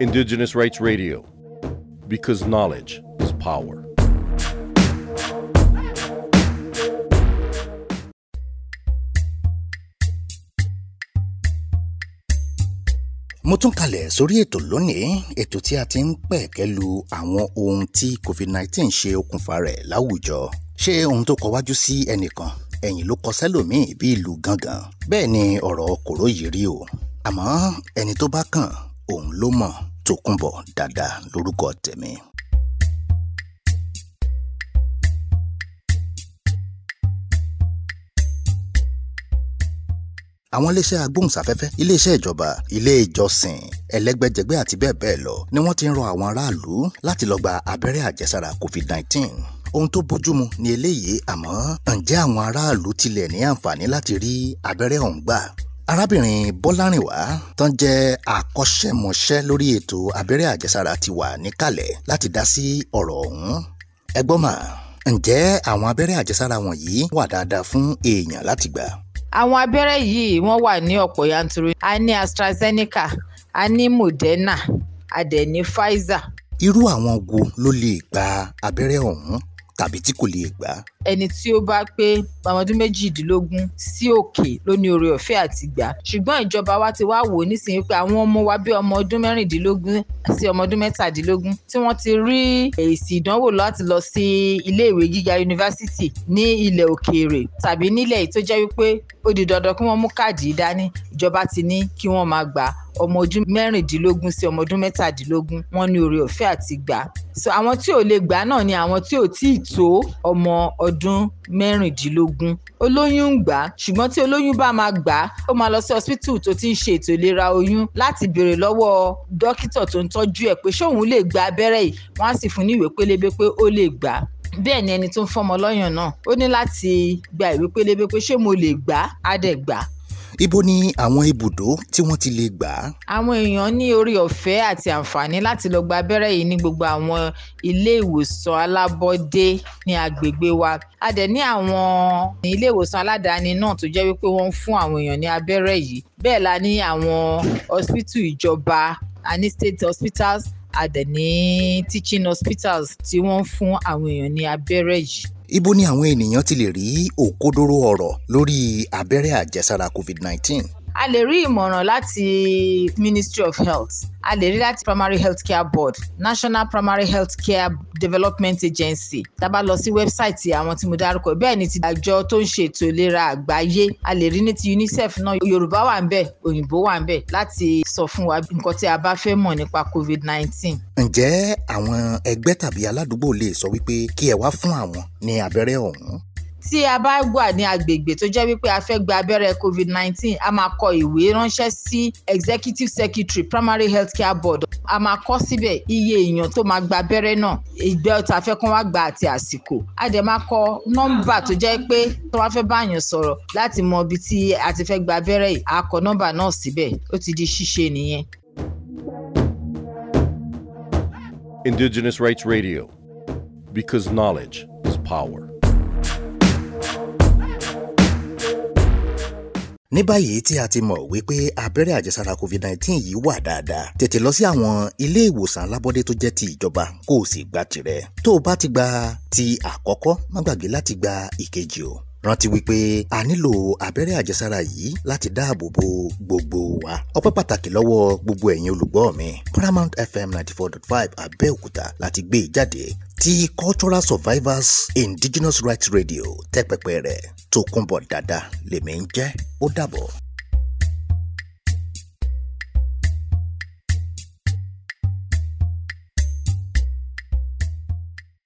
Indigenous Rights Radio, because knowledge is power. mo tún kalẹ̀ sórí ètò lónìí ètò tí a ti ń pẹ̀kẹ́ lu àwọn ohun tí covid-19 ṣe okùnfà rẹ̀ láwùjọ ṣé ohun tó kọ wájú sí ẹnìkan ẹ̀yìn ló kọ sẹ́lòmíì bí ìlú gangan bẹ́ẹ̀ ni ọ̀rọ̀ kòró yìí rí o àmọ́ ẹni tó bá kàn òun ló mọ̀ Tókunbọ̀ Dàda lórúkọ tèmi. àwọn iléeṣẹ́ agbóhùnsáfẹ́fẹ́ iléeṣẹ́ ìjọba ilé ìjọsìn ẹlẹ́gbẹ́jẹgbẹ́ àti bẹ́ẹ̀ bẹ́ẹ̀ lọ ni wọ́n ti ń rọ àwọn aráàlú láti lọ gba abẹ́rẹ́ àjẹsára covid-19 ohun tó bójúmu ni eléyìí àmọ́ ǹjẹ́ àwọn aráàlú tilẹ̀ ní àǹfààní láti rí abẹ́rẹ́ ọ̀hún gbà arábìnrin bọ́lárìnwá tán jẹ́ àkọ́ṣẹ́mọṣẹ́ lórí ètò abẹ́rẹ́ àjẹsára ti wà níkàlẹ̀ láti dá sí ọ̀rọ̀ ọ̀hún ẹ gbọ́ mà ǹjẹ́ àwọn abẹ́rẹ́ àjẹsára wọ̀nyí wà dáadáa fún èèyàn láti gbà. àwọn abẹ́rẹ́ yìí wọ́n wà ní ọ̀pọ̀ yanturu a ní AstraZeneca a ní Moderna a dẹ̀ ní Pfizer. irú àwọn wo ló lè gba abẹ́rẹ́ ọ̀hún tàbí tí kò lè gbà. ẹni tí ó bá pé ọmọdún méjìdínlógún sí òkè ló ní oore ọ̀fẹ́ àti gbà ṣùgbọ́n ìjọba wa ti wá wò nísìnyí pé àwọn ọmọ wa bí ọmọ ọdún mẹ́rìndínlógún sí ọmọ ọdún mẹ́tàdínlógún tí wọ́n ti rí èsì ìdánwò láti lọ sí iléèwé gíga yunifásítì ní ilẹ̀ òkèèrè tàbí nílẹ̀ èyí tó jẹ́ wípé ó di dandan kí wọ́n mú káàdì dání ìjọba ti ní kí wọ́n máa gbà ọmọ ọdún mẹ́rìndínlógún sí ọmọ ọdún mẹ́tàdínlógún wọ́n ní oore ọ̀fẹ́ àti gbà so àwọn tí ò lè gbà náà ni àwọn tí ò tí ì tó ọmọ ọdún mẹ́rìndínlógún olóyún ń gbà ṣùgbọ́n tí olóyún bá máa gbà ó máa lọ sí hospital tó ti ń ṣe ètò ìlera oyún láti béèrè lọ́wọ́ dókítà tó ń t tọ́jú ẹ̀ pé ṣóun lè gba abẹ́rẹ́ yìí wọ́n á sì fún ní ìwé pélébé pé ó lè gbà á bẹ́ẹ̀ ni ẹni tó ń fọmọ lọ́yàn náà ó ní láti gba ìwé pélébé pé ṣé mo lè gbà á á dẹ̀ gbà á ibo ni àwọn ibùdó tí wọ́n ti lè gbà á. àwọn èèyàn ní orí ọ̀fẹ́ àti àǹfààní láti lọ gba abẹ́rẹ́ yìí ní gbogbo àwọn ilé ìwòsàn alábọ́dé ní agbègbè wa a dẹ̀ ní àwọn ilé ìwòsàn aládàáni náà tó jẹ́ wípé wọ́n ń fún àwọn èèyàn ní abẹ́rẹ́ yìí bẹ́ẹ̀ la ní àwọn hospital ìjọba Ani state hospitals a dẹ̀ ní teaching hospitals Ti wọ́n ń fún àwọn èèyàn ní abẹ́rẹ́ yìí. Ibo ni àwọn ènìyàn ti lè rí òkodoro ọ̀rọ̀ lórí abẹ́rẹ́ àjẹsára COVID-19? a lè rí ìmọ̀ràn láti Ministry of Health a lè rí láti Primary Health Care Board National Primary Health Care Development Agency tá bá lọ sí wẹ́bsáìtì àwọn tí mo dárúkọ bẹ́ẹ̀ ni ti àjọ tó ń ṣe ètò ìlera àgbáyé a lè rí ní ti UNICEF náà Yorùbá wà ń bẹ̀ òyìnbó wà ń bẹ̀ láti sọ fún wa nǹkan tí a bá fẹ́ mọ̀ nípa covid nineteen. ǹjẹ́ àwọn ẹgbẹ́ tàbí aládùúgbò lè sọ wípé kí ẹ wá fún àwọn ní abẹ́rẹ́ ọ̀hún? tí a bá wà ní agbègbè tó jẹ́ wípé a fẹ́ gba abẹ́rẹ́ covid nineteen a máa kọ ìwé ránṣẹ́ sí executive secretary primary health care board a máa kọ síbẹ̀ iye èèyàn tó máa gba abẹ́rẹ́ náà ìgbẹ́ ọ̀tá fẹ́ kán wá gba àti àsìkò a dẹ̀ máa kọ nọ́mbà tó jẹ́ pé tó wá fẹ́ báyàn sọ̀rọ̀ láti mọ ibi tí a ti fẹ́ gba abẹ́rẹ́ yìí a kọ nọ́mbà náà síbẹ̀ ó ti di ṣíṣe nìyẹn. Indigenous Rights Radio because knowledge is power. ní báyìí tí a ti mọ̀ wípé abẹ́rẹ́ àjẹsára covid-19 yìí wà dáadáa tètè lọ sí àwọn ilé ìwòsàn alábọ́dé tó jẹ́ ti ìjọba kó o sì gba tirẹ̀ tó o bá ti gba ti àkọ́kọ́ má gbàgbé láti gba ìkejì o rántí wípé a nílò abẹ́rẹ́ àjẹsára yìí láti dáàbò bo gbogbo wa ọpẹ́ pàtàkì lọ́wọ́ gbogbo ẹ̀yin olùgbọ́ mi Paramount FM ninety four five Abẹ́òkúta láti gbé e jáde tí cultural survivors indigenous rights radio tẹ́ pẹpẹ rẹ̀ tó kúnbọ̀ dáadáa lèmi ń jẹ́ ó dàbọ̀.